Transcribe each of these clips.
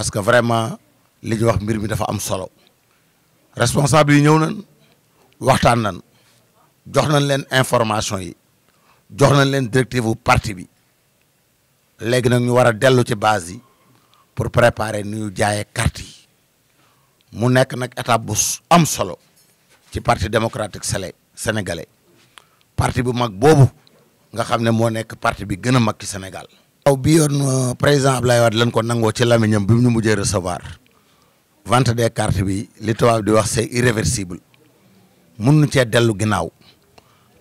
parce que vraiment li ñu wax mbir mi dafa am solo responsable yi ñëw nañ waxtaan nañ jox nañ leen information yi jox nañ leen directive bu parti bi léegi nag ñu war a dellu ci base yi pour préparer ni ñu jaayee carte mu nekk nag état bu am solo ci parti démocratique sélé sénégalais parti bu mag boobu nga xam ne moo nekk parti bi gën a mag ci Sénégal aw bi yoon euh, président Ablaye Wade lañ ko nangoo ci lamiñam bi mu ñu mujjee recevoir vente des cartes bi li tubaab di wax c'est irréversible mënuñu cee dellu ginnaaw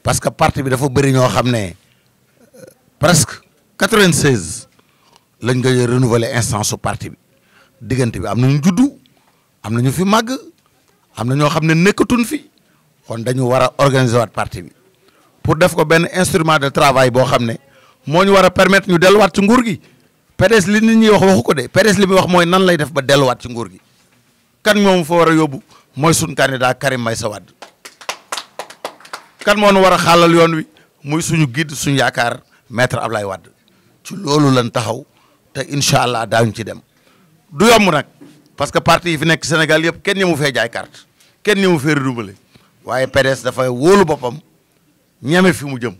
parce que parti bi dafa bëri ñoo xam ne euh, presque quatre-vingt-seize lañ koy renouveler instance su parti bi diggante bi am na ñu juddu am na ñu fi màgg am na ñoo xam ne nekkatuñ fi kon dañu war a organiser waat parti bi pour def ko benn instrument de travail boo xam ne. moo ñu war a permettre ñu delluwaat ci nguur gi PDS li nit ñi wax waxu ko de PDS li muy wax mooy nan lay def ba delluwaat ci nguur gi kan moom fa war a yóbbu mooy suñ candidat Karim Meïssa Wade kan moo nu war a xàllal yoon wi muy suñu gidd suñu yaakaar metre maître Ablaye Wade ci loolu lan taxaw te incha allah daañu ci dem du yomb nag parce que parti yi fi nekk Sénégal yëpp kenn ñemu fee jaay carte kenn ñemu fee redoubler waaye PDS dafay wóolu boppam ñeme fi mu jëm.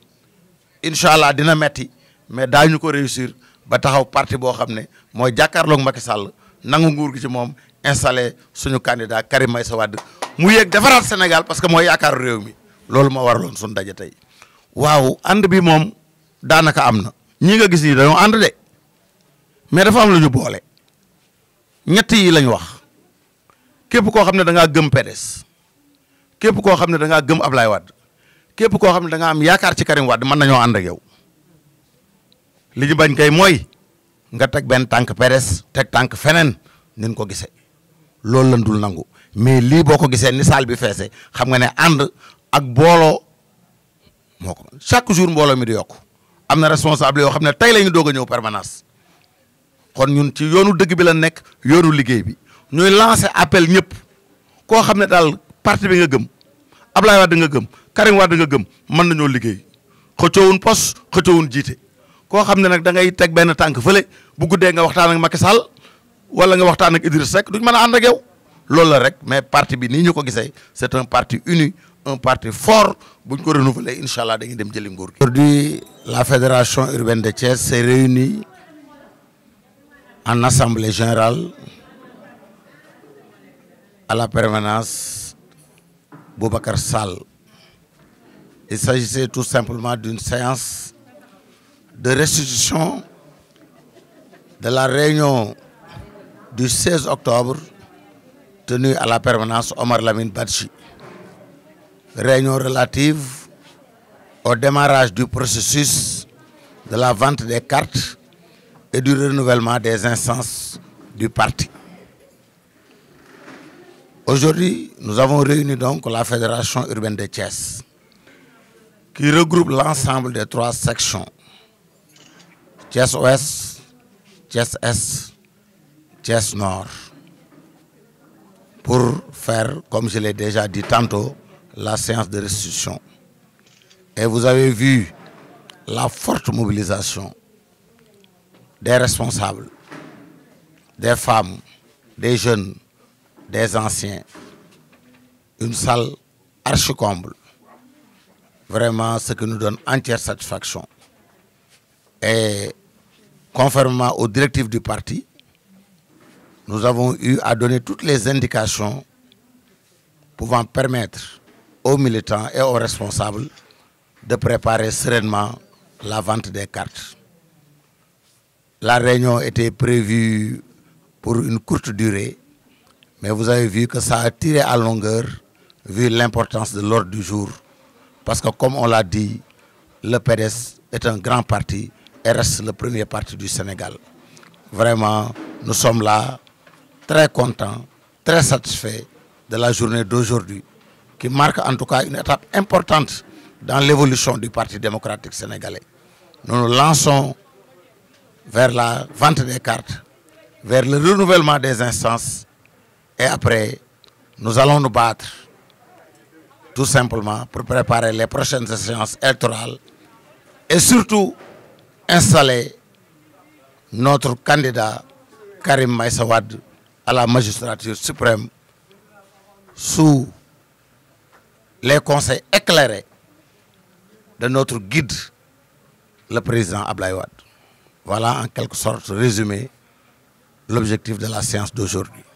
incha allah dina metti mais ñu ko réussir ba taxaw parti boo xam ne mooy jàkkaarloog Macky Sall nangu nguur gi ci moom installé suñu candidat Karim Meïssa Wade mu yéeg defaraat Sénégal parce que mooy yaakaaru réew mi loolu moo waraloon suñu daje tey waaw ànd bi moom daanaka am na ñi nga gis nii dañoo ànd de mais dafa am lu ñu boole ñetti lañu wax képp koo xam ne da gëm PDS képp koo xam ne da ngaa gëm Ablaye Wade képp koo xam ne danga am yaakaar ci Karim Wade mën nañoo ànd ak yow li ñu bañ kay mooy nga teg benn tànk peres teg tànk feneen nin ko gisee loolu lan dul nangu mais lii boo ko gisee ni saal bi feese xam nga ne ànd ak booloo moo ko chaque jour mbooloo mi di yokk am na responsable yoo xam ne tey la ñu doog a ñëw permanence kon ñun ci yoonu dëgg bi la nekk yoonu liggéey bi ñuy lancer appel ñëpp koo xam ne daal parti bi nga gëm Ablaye Wade nga gëm Karim Wade nga gëm mën nañoo liggéey xëccoowun pos xëccoowun jiite koo xam ne nag da ngay teg benn tànk fële bu guddee nga waxtaan ak Macky Sall wala nga waxtaan ak Idriss Seck duñ mën a ànd ak loolu la rek mais parti bi nii ñu ko gisee c'est un parti uni un parti fort buñ ko renouveler incha allah dañuy dem jëli nguur gi. aujourd'hui la fédération urbaine de Thiès s'est réunie en assemblée générale à la permanence Boubacar Sall. Il s'agissait tout simplement d'une séance de restitution de la réunion du 16 octobre tenu à la permanence Omar Lamine Badji. Réunion relative au démarrage du processus de la vente des cartes et du renouvellement des instances du parti. Aujourd'hui, nous avons réuni donc la Fédération urbaine de Thiès, qui regroupe l'ensemble des trois sections, Thiès Ouest, Thiès Nord, pour faire, comme je l'ai déjà dit tantôt, la séance de restitution. Et vous avez vu la forte mobilisation des responsables, des femmes, des jeunes, des anciens une salle archi-comble vraiment ce qui nous donne entière satisfaction et conformément aux directives du parti nous avons eu à donner toutes les indications pouvant permettre aux militants et aux responsables de préparer sereinement la vante des cartes. La réunion était prévue pour une courte durée mais vous avez vu que ça a tiré à longueur vu l'importance de l'ordre du jour parce que comme on l'a dit le PDS est un grand parti et reste le premier parti du Sénégal vraiment nous sommes là très contents très satisfaits de la journée d'aujourd'hui qui marque en tout cas une étape importante dans l'évolution du Parti démocratique sénégalais nous nous lançons vers la vente des cartes vers le renouvellement des instances Et après, nous allons nu battre tout simplement pour préparer les prochaines séances électorales et surtout installer notre candidat Karim Meïssa Wade à la magistrature suprême sous les conseils éclairés de notre guide, le président Ablaye Wade. Voilà en quelque sorte résumé l'objectif de la séance d'aujourd'hui.